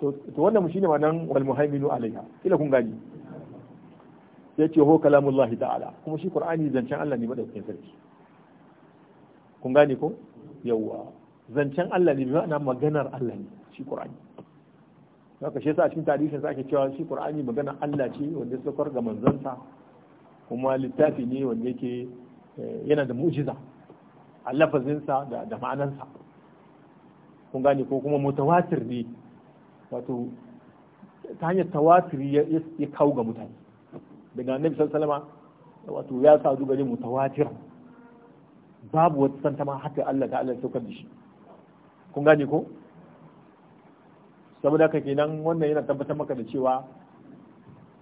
to wannan shine ma'anan wal muhaiminu alaiha kila kun gane ce ho kalamullahi ta'ala kuma shi qur'ani zancen Allah ne madaukakin sarki kun gane ko yawwa zancen Allah ne ma'ana maganar Allah ne shi qur'ani saka shi yasa cikin tarihin sa ake cewa shi Qur'ani magana Allah ce wanda ya saukar ga manzansa kuma littafi ne wanda yake eh, yana da mu'jiza a sa da da ma'anansa kun gane ko kuma mutawatir ne wato ta hanyar tawatiri ya kawo ga mutane daga annabi sallallahu wato ya sa zuwa ne mutawatir babu wata santa ma haka Allah ta Allah saukar da shi kun gane ko saboda haka kenan wannan yana tabbatar maka da cewa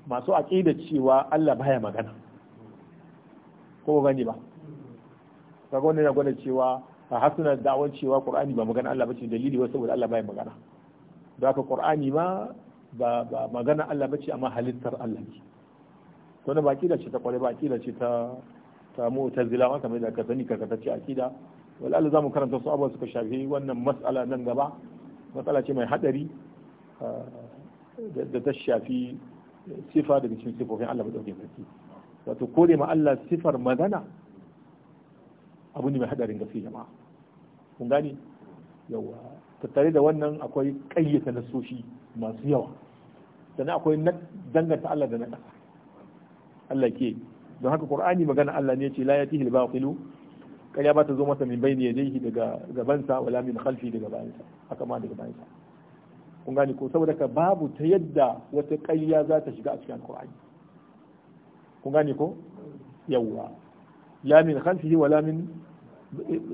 masu aqida cewa Allah baya magana ko gani ba kaga wannan yana gwada cewa a hasuna da'awar cewa Qur'ani ba magana Allah bace dalili wasu saboda Allah baya magana da haka Qur'ani ma ba ba magana Allah bace amma halittar Allah ne to na baki da ce ta kware ba da ce ta ta mu'tazila ma kamar da ka sani karkata ce akida wal Allah zamu karanta su abubuwa suka shafi wannan mas'ala nan gaba matsala ce mai hadari da ta shafi sifa daga cikin sifofin Allah ba dauke sarki wato ne ma Allah sifar magana abu ne mai hadarin gaske jama'a kun gane yawa tattare da wannan akwai kayyata nasoshi masu yawa sannan akwai danganta Allah da na ƙasa Allah ke don haka Qur'ani magana Allah ne ce la yatihi al-batilu kariya ba ta zo masa min bayni yadayhi daga gabansa wala min khalfi daga bayansa haka ma daga bayansa kun gane ko saboda ka babu ta yadda wata ƙarya za ta shiga a cikin alƙur'ani kun gane ko yawwa la min khalfihi wa la min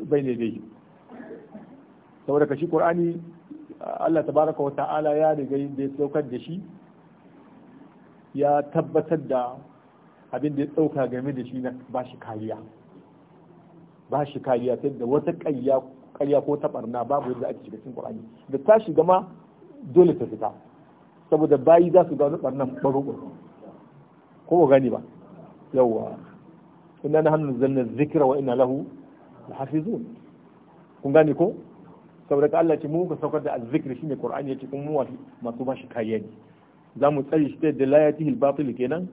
bayna yadayhi saboda ka shi qur'ani Allah tabaraka wa ta'ala ya riga da ya saukar da shi ya tabbatar da abin da ya sauka game da shi na ba shi kariya ba shi kariya ta da wata ƙarya ko taɓarna babu yadda ake shiga cikin qur'ani da ta shiga ma dole ta fita saboda bayi za su gano barnan barokon ko ba gani ba yawwa ina na hannun zanna zikira wa ina lahu da hafizu kun gani ko saboda ka Allah ce mu ka saukar da azzikir shine qur'ani yace kun mu masu ba shi kariya za mu tsare shi ta da layatihi al-batil kenan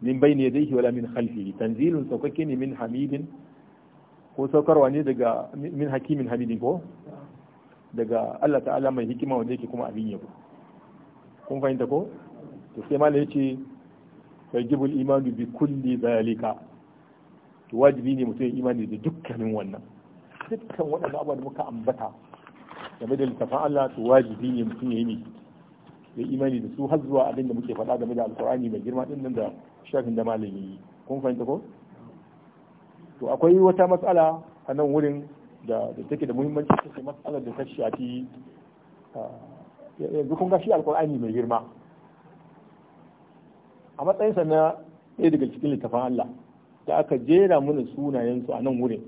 min bayni yadayhi wala min khalfihi tanzilun saukake ne min hamidin ko saukarwa ne daga min hakimin hamidin ko daga Allah ta'ala mai hikima wanda yake kuma abin yabo kun fahimta ko to sai malai yace yajibul imanu bi kulli zalika to wajibi ne mutum ya imani da dukkanin wannan dukkan waɗannan abubuwa da muka ambata game da littafin Allah to wajibi ne mutum ya yi ne ya imani da su har zuwa abin da muke faɗa game da alkur'ani mai girma din nan da shafin da malami kun fahimta ko to akwai wata matsala a nan wurin da take da muhimmanci ta ce matsalar da ta shafi yanzu kun ga shi alkur'ani mai girma a matsayinsa na ɗaya daga cikin littafin Allah da aka jera mana sunayensu a nan wurin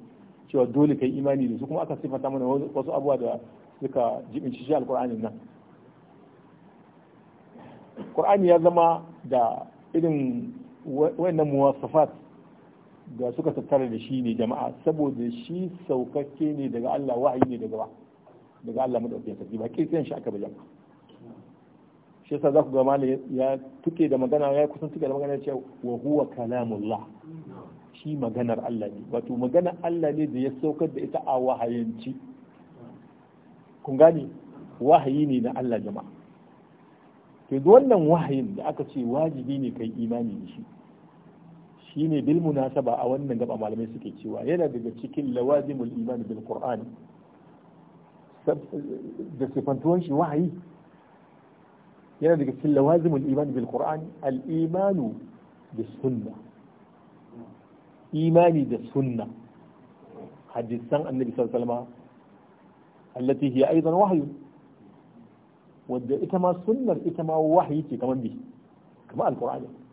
cewa dole kai imani da su kuma aka sifata mana wasu abubuwa da suka jibinci shi alkur'anin nan Qur'ani ya zama da irin wayannan muwasafat da suka tattara da shi ne jama'a saboda shi saukakke ne daga Allah wahayi ne daga ba daga Allah madaukakin sarki ba kirkiran shi aka bayar shi yasa za ku ga malam ya tuke da magana ya kusan tuke da magana cewa wa huwa kalamullah shi maganar Allah ne wato magana Allah ne da ya saukar da ita a wahayanci kun gane wahayi ne na Allah jama'a to wannan wahayin da aka ce wajibi ne kai imani da shi shine bil munasaba a wannan gaba malamai suke cewa yana daga cikin lawazimul iman bil qur'an da sifantuwan shi wahayi yana daga cikin lawazimul iman bil qur'an al imanu bis sunna imani da sunna hadisan annabi sallallahu alaihi wasallam allati hiya wahyu wadda ita ma sunnar ita ma wahayi ce kamar bi kamar alqur'ani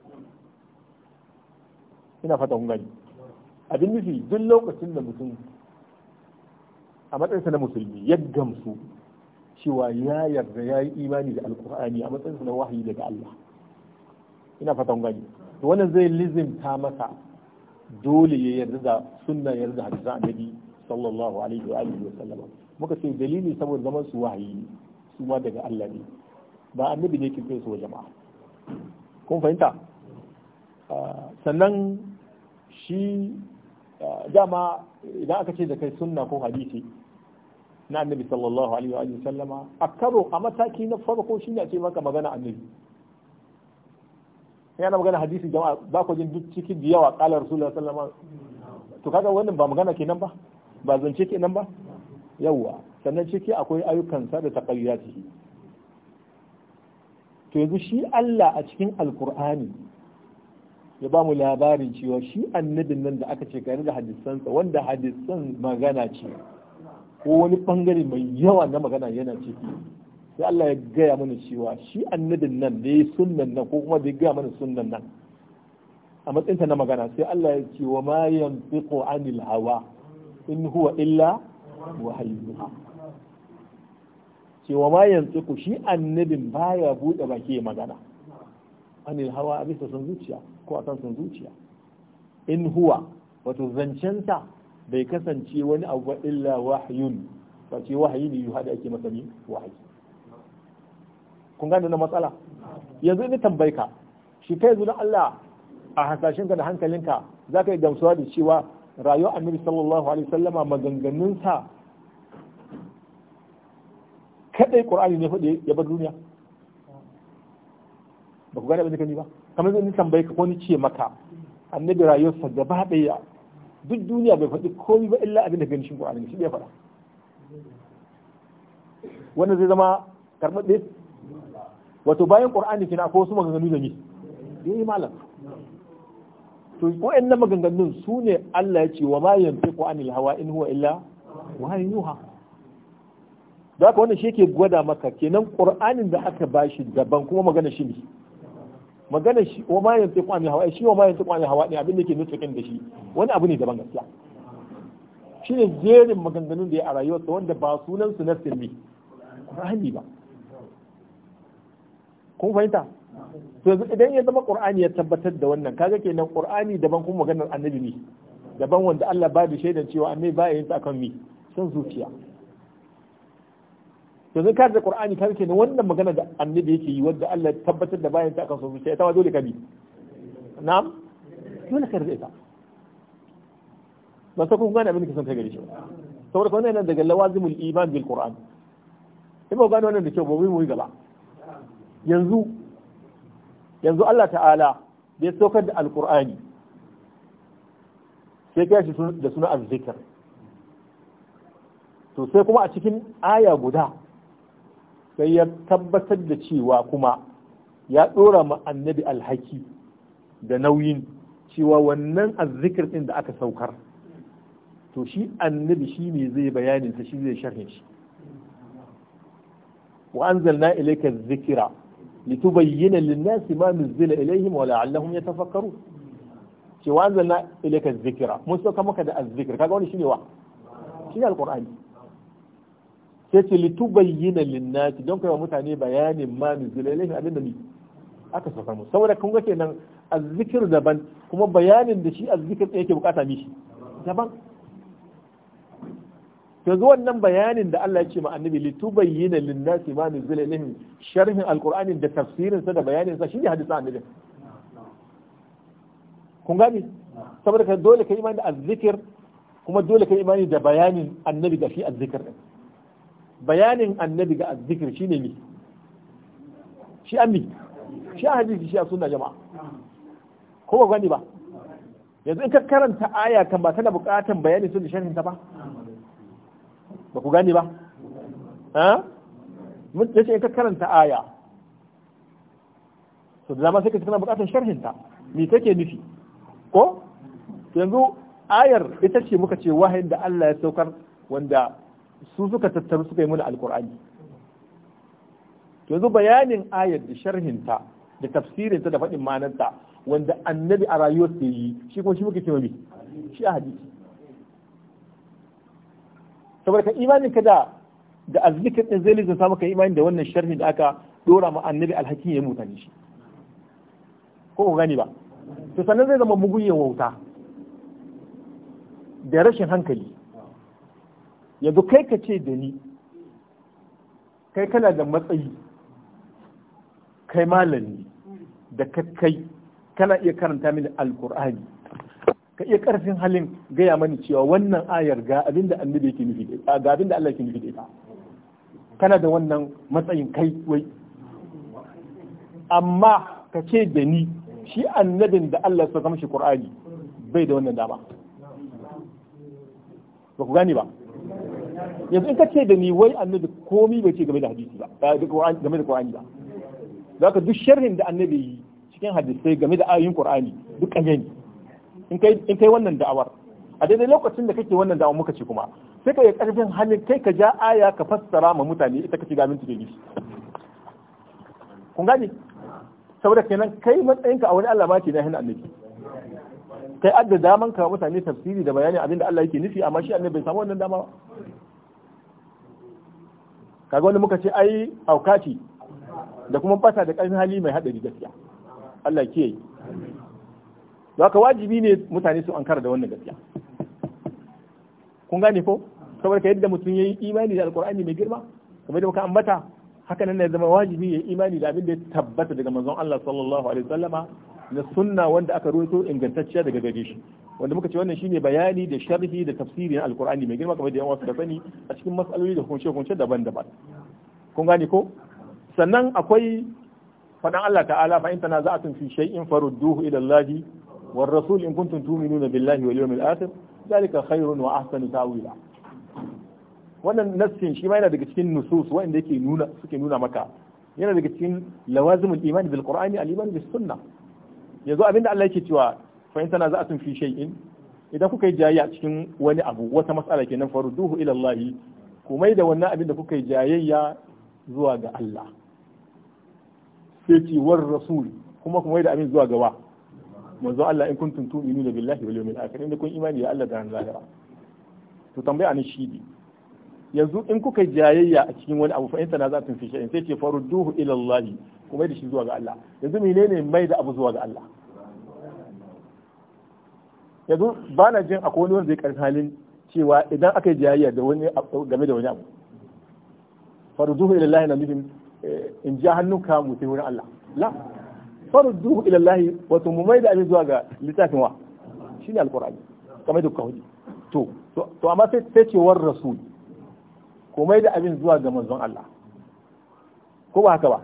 ina fata kun gani abin nufi duk lokacin da mutum a matsayinsa na musulmi ya gamsu cewa ya yarda ya yi imani da alkur'ani a matsayinsa na wahayi daga Allah ina fatan gani to wannan zai lizimta masa dole ya yarda da sunna ya yarda hadisan annabi sallallahu alaihi wa alihi wa sallama muka ce dalili saboda zaman su wahayi su ma daga Allah ne ba annabi ne kai su wa jama'a kun fahimta ah, sannan shi dama idan aka ce da kai sunna ko hadisi na annabi sallallahu alaihi wa sallama a karo a mataki na farko shi ne a ce maka magana annabi na magana hadisi jama'a ba ku jin duk cikin da yawa kala rasulullah sallallahu to kaga wannan ba magana kenan ba ba zance kenan ba yawa sannan ciki akwai ayyukan sa da taqayyati to yanzu shi Allah a cikin alqur'ani ya ba mu labarin cewa shi annabin nan da aka ce gani da hadisansa wanda hadisan magana ce ko wani bangare mai yawa na magana yana ciki sai Allah ya gaya mana cewa shi annabin nan da ya sunnan nan ko kuma da ya gaya mana sunnan nan a matsayinta na magana sai Allah ya ce wa ma yanfiqu anil hawa in huwa illa wahayyuha cewa ma yanfiqu shi annabin baya bude baki magana anil hawa a bisa son zuciya ko a kan son zuciya in huwa wato zancenta bai kasance wani abu illa wahyun face wahayi ne yuha da ake masa ne wahayi kun gane na matsala yanzu ina tambayi ka shi kai zuwa Allah a hasashenka da hankalinka za ka yi gamsuwa da cewa rayuwar annabi sallallahu alaihi sallama maganganunsa kadai qur'ani ne faɗi ya bar duniya ba ku gane abin da kani ba kamar zai tambaye ka ko ce maka annabi rayuwarsa gaba daya duk duniya bai faɗi komai ba illa abin da gani shi Qur'ani shi bai faɗa wannan zai zama karɓar ɗaya wato bayan Qur'ani kina ko su maganganu da ni yi malam to na maganganun su ne Allah ya ce wa ma yanfiqu anil hawa in huwa illa wahayin yuha da haka wannan shi yake gwada maka kenan Qur'anin da aka bashi daban kuma magana shi ne magana shi wa ma yanzu kwani hawa shi wa ma yanzu kwani hawa ne abin da ke nutsukin da shi wani abu ne daban gaskiya shi ne jerin maganganun da ya a rayuwarsa wanda ba sunan su na sirri qur'ani ba kun fahimta to yanzu idan ya zama qur'ani ya tabbatar da wannan kaga kenan qur'ani daban kuma maganar annabi ne daban wanda Allah ba da shaidan cewa annabi ba yin sa akan mi son zuciya yanzu ka da qur'ani ka rike ne wannan magana da annabi yake yi wanda Allah ya tabbatar da bayan ta akan so sai ta ma dole ka bi na'am dole ka rike ta ba sai kun gane abin da kasan kai gare shi saboda kuma yana daga lawazimul iman bil qur'an sai ba gane wannan da kyau ba mu yi gaba yanzu yanzu Allah ta'ala da ya saukar da alqur'ani sai ka shi da suna azzikr to sai kuma a cikin aya guda sai ya tabbatar da cewa kuma ya ɗora ma annabi alhaki da nauyin cewa wannan azzikir ɗin da aka saukar to shi annabi shi ne zai bayanin sa shi zai sharhin shi wa anzalna ilayka dhikra litubayyana lin-nasi ma nuzila ilayhim wa la'allahum yatafakkarun ce anzalna ilayka zikira mun sauka maka da azzikir kaga wani shine wa shine alqur'ani sai ce litubayyana linnati don kaiwa mutane bayanin ma nuzila ilaihi abin da aka sauka mu saboda kun ga kenan azzikir daban kuma bayanin da shi azzikir da yake bukata mishi daban yanzu wannan bayanin da Allah ya ce ma annabi litubayyana linnati ma nuzila ilaihim sharhin alqur'ani da tafsirin sa da bayanin sa shine hadisi annabi kun gani saboda dole ka imani da azzikir kuma dole ka imani da bayanin annabi da shi azzikir din bayanin annabi ga azzikir shine ne shi ammi shi a hadisi shi a suna jama'a ko ba gani ba yanzu in ka karanta aya kan ba tana bukatan bayani sun da sharhin ta ba ba ku gani ba ha ce in ka karanta aya to da ma sai ka tana bukatan sharhin ta me take nufi ko yanzu ayar ita ce muka ce wahayin da Allah ya saukar wanda su suka tattaru suka yi mana alkur'ani yanzu bayanin ayar da sharhinta da tafsirinta da faɗin mananta wanda annabi a rayuwar ta yi shi kuma shi muke cewa mabi shi a hadisi saboda ka imanin ka da da azzikin ɗin zai lizin samu ka imanin da wannan sharhin da aka ɗora ma annabi alhakin ya mutane shi ko ku gani ba to sannan zai zama mugun wauta da rashin hankali yanzu kai ka ce da ni kai kana da matsayi kai malami da kai kana iya karanta mini alkur'ani ka iya karfin halin gaya mani cewa wannan ayar ga abin annabi yake nufi da ga abin Allah yake nufi da ita kana da wannan matsayin kai wai amma ka ce da ni shi annabin da Allah ya saka mishi qur'ani bai da wannan dama ba ku gane ba yanzu in ka ce da ni wai annabi komi bai ce game da hadisi ba game da qur'ani ba ka duk sharhin da annabi yi cikin hadisai game da ayoyin qur'ani duk kanye ne in kai wannan da'awar a daidai lokacin da kake wannan da'awar muka ce kuma sai ka yi karfin hannun kai ka ja aya ka fassara ma mutane ita kace ga minti gani kun gane saboda kenan kai matsayinka a wani Allah ma ce na hin annabi kai adda daman ka mutane tafsiri da bayani abin da Allah yake nufi amma shi annabi bai samu wannan dama ba kaga wani muka ce ai aukati da kuma fasa da ƙarfin hali mai haɗari gaskiya Allah ke yi da haka wajibi ne mutane su ankara da wannan gaskiya kun gane ko saboda yadda mutum ya yi imani da alkur'ani mai girma kamar da muka ambata haka nan ya zama wajibi ya yi imani da abin da ya tabbata daga manzon Allah sallallahu alaihi wasallama na sunna wanda aka ruwaito ingantacciya daga gare shi wanda muka ce wannan shine bayani da sharhi da tafsiri na alkur'ani mai girma kamar da yawa wasu da sani a cikin matsaloli da hukunce-hukunce daban-daban kun gane ko sannan akwai faɗan Allah ta'ala fa in tanaza'atum fi shay'in farudduhu ila Allah wa rasul in kuntum tu'minuna billahi wal yawmil akhir zalika khairun wa ahsanu ta'wila wannan nassin shi ma yana daga cikin nusus wanda yake nuna suke nuna maka yana daga cikin lawazimul imani bil qur'ani al imani bis sunnah yanzu abinda Allah yake cewa Fahimta fa za a za'atun fi shay'in idan kuka yi jayayya cikin wani abu wata mas'ala kenan farduhu ila Allah ku mai da wannan abin da kuka yi jayayya zuwa ga Allah sai ci war rasul kuma ku mai da abin zuwa ga wa manzo Allah in kuntum tu'minuna billahi wal yawmil akhir in kun imani da Allah da ran lahira to tambaya ne shi yanzu in kuka jayayya a cikin wani abu fa in tanaza'tum fi shay'in sai ce farudduhu ila Allah kuma da shi zuwa ga Allah yanzu menene mai da abu zuwa ga Allah yanzu ba na jin akwai wani wanda zai karfi halin cewa idan aka yi jayayya da wani game da wani abu farduhu ila Allah na nufin eh, in ji hannun ka mu sai wurin Allah la farduhu ila Allah wato mu mai da abin zuwa ga littafin wa shine alqur'ani kamar da kuka hudu to to amma sai sai war rasul ko mai da abin zuwa ga manzon Allah ko ba haka ba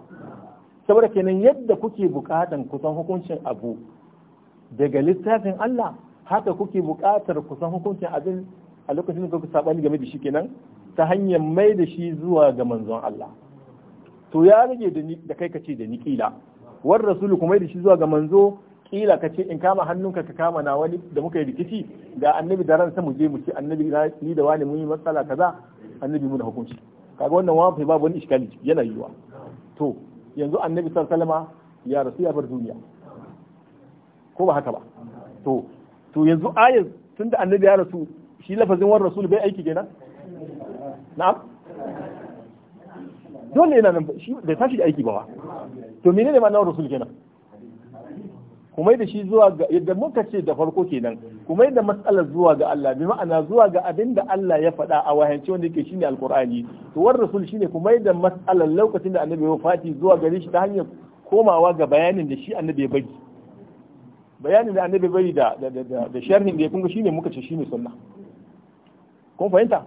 saboda kenan yadda kuke bukatan kusan hukuncin abu daga littafin Allah haka kuke buƙatar ku san hukuncin abin a lokacin da kuka sabani game da shi kenan ta hanyar mai da shi zuwa ga manzon Allah to ya rage da da kai kace da ni kila war rasulu kuma da shi zuwa ga manzo kila kace in kama hannunka ka kama na wani da muka yi rikici ga annabi da ransa mu je mu ce annabi ni da wani mun yi matsala kaza annabi mun hukunci kaga wannan wafi babu wani iskali yana yiwa to yanzu annabi sallallahu alaihi wasallama ya rasu ya bar duniya ko ba haka ba to to yanzu ayin tun da annabi ya rasu shi lafazin wani rasul bai aiki kenan na'am dole yana nan shi da tashi da aiki ba wa to menene ma na rasul kenan kuma da shi zuwa ga yadda muka ce da farko kenan kuma yadda matsalar zuwa ga Allah bi ma'ana zuwa ga abin da Allah ya faɗa a wahayance wanda yake shine alqur'ani to war rasul shine kuma yadda matsalar lokacin da annabi ya fati zuwa gare shi ta hanyar komawa ga bayanin da shi annabi ya bari bayanin da annabi bai da da sharhin da ya kunga shine muka ce shine sunna kun fahimta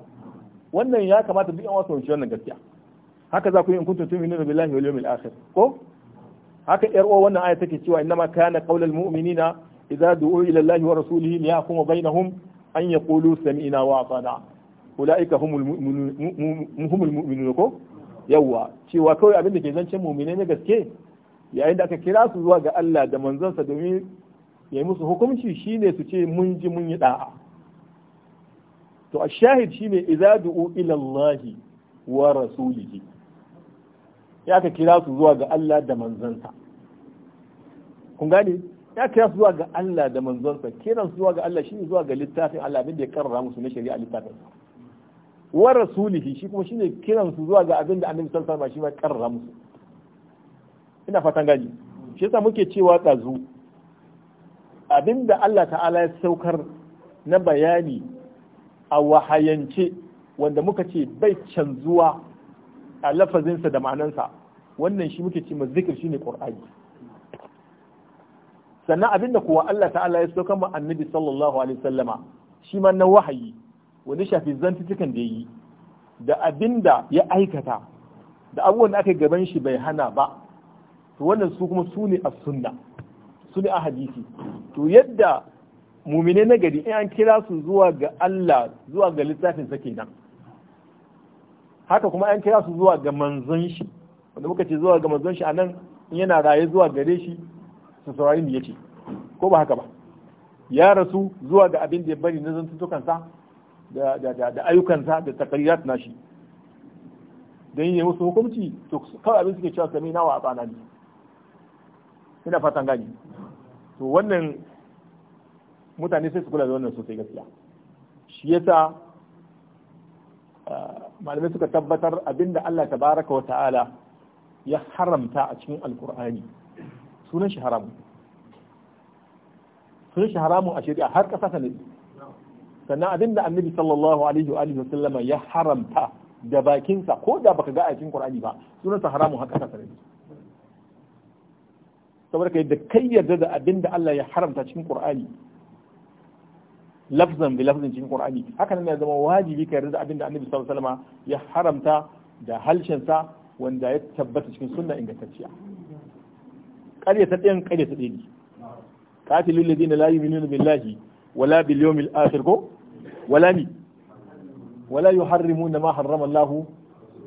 wannan ya kamata duk an wasu wuce wannan gaskiya haka za ku yi in kuntum tu'minuna billahi wal yawmil akhir ko haka yar uwa wannan aya take cewa innama kana qaulul mu'minina idza du'u ila allahi wa rasulihi liyahkuma bainahum an yaqulu sami'na wa ata'na ulaika humul humul mu'minun ko yawa cewa kawai abin da ke zancen mu'minai ne gaske yayin da aka kira su zuwa ga Allah da manzansa domin ya yi musu hukunci shine su ce mun ji mun yi da'a to a shahid shine idza du'u ila Allah wa rasulihi ya ka kira su zuwa ga Allah da manzansa kun gane ya kira su zuwa ga Allah da manzansa kiran su zuwa ga Allah shine zuwa ga littafin Allah abin da ya karrama musu na shari'a littafin wa rasulihi shi kuma shine kiran su zuwa ga abin da annabi sallallahu alaihi wasallam shi ma karrara musu ina fatan gani shi yasa muke cewa kazu abinda Allah ta'ala ya saukar na bayani a wahayance wanda muka ce bai canzuwa a lafazinsa da ma'anansa wannan shi muke ce zikir ne ƙor'ari. sannan abinda kuwa Allah ta'ala ya saukar ma annabi sallallahu alaihi wasallama shi ma na wahayi wani shafi zantutukan da yi da abinda ya aikata da abubuwan da aka gaban shi bai hana ba to wannan su kuma su ne a sunna su ne a hadisi to yadda mumine na gari in an kira su zuwa ga Allah zuwa ga littafin sa kenan haka kuma an kira su zuwa ga manzon shi wanda muka ce zuwa ga manzon shi anan in yana raye zuwa gare shi su saurari me yace ko ba haka ba ya rasu zuwa ga abin da ya bari na zantutukansa da da da ayyukansa da takarirat nashi don yi musu hukunci to kawai abin suke cewa sami nawa a tsanani suna ina fatan gani to wannan mutane sai su kula da wannan sosai gaskiya shi yasa eh, malamai suka tabbatar abinda Allah tabaraka wa ta'ala ya haramta a cikin alkur'ani sunan shi haramu sunan shi haramu a shari'a har kasa sanadi sannan abinda annabi sallallahu alaihi wa sallama ya haramta da bakinsa ko da baka ga a cikin qur'ani ba sunan sa haramun har kasa sanadi saboda kai da kai yarda da abin da Allah ya haramta cikin Qur'ani lafzan bi lafzan cikin Qur'ani haka nan ya zama wajibi ka yarda da abin da Annabi sallallahu alaihi wasallam ya haramta da harshen sa wanda ya tabbata cikin sunna ingantacciya ƙarya ta ɗayan ƙarya ta ɗaya qatilul ladina la yu'minuna billahi wala bil yawmil akhir ko wala ni wala yuharrimuna ma harrama Allahu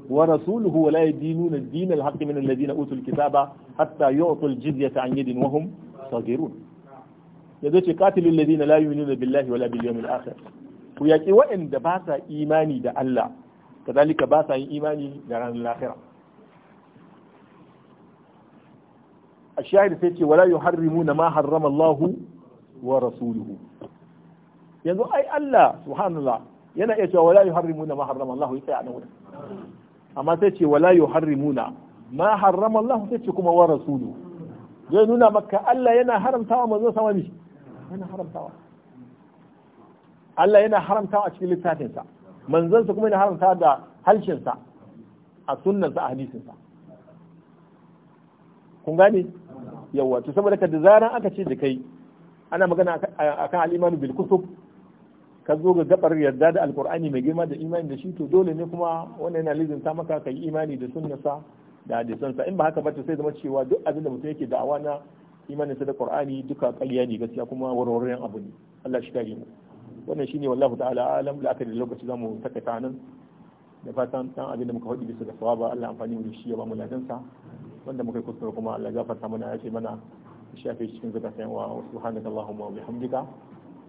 ورسوله ولا يدينون الدين الحق من الذين أوتوا الكتاب حتى يعطوا الجزية عن يد وهم صغيرون يذوك قاتل الذين لا يؤمنون بالله ولا باليوم الآخر ويأتي وإن دباسا إيماني دا الله كذلك باس إيماني دا الآخرة الشاعر سيتي ولا يحرمون ما حرم الله ورسوله يعني أي الله سبحان الله ينا إيش ولا يحرمون ما حرم الله Allah amma sai ce wala yuharrimuna ma harrama Allah sai ce kuma wa rasulu zai nuna maka Allah yana haramtawa manzo sama ne yana haramtawa Allah yana haramtawa a cikin littafinsa manzansa kuma yana haramtawa da harshensa a sunansa a hadisinsa kun gane yawa to saboda ka da zaran aka ce da kai ana magana akan al-imanu bil kutub ka zo ga gabar yarda da alkur'ani mai girma da imani da shi to dole ne kuma wannan yana lizinta maka ka yi imani da sunnasa da hadisansa in ba haka ba to sai zama cewa duk abin da mutum yake da'awa na imanin sa da qur'ani duka ƙarya ne gaskiya kuma warwarren abu ne Allah shi kare mu wannan shine wallahu ta'ala alam da aka da lokaci zamu takaita nan da fatan dan abin da muka faɗi bisa da sawaba Allah amfani mu shi ya ba mu ladansa wanda muka kuskure kuma Allah ya gafarta mana ya ce mana shafe cikin zakatan wa subhanakallahumma wa bihamdika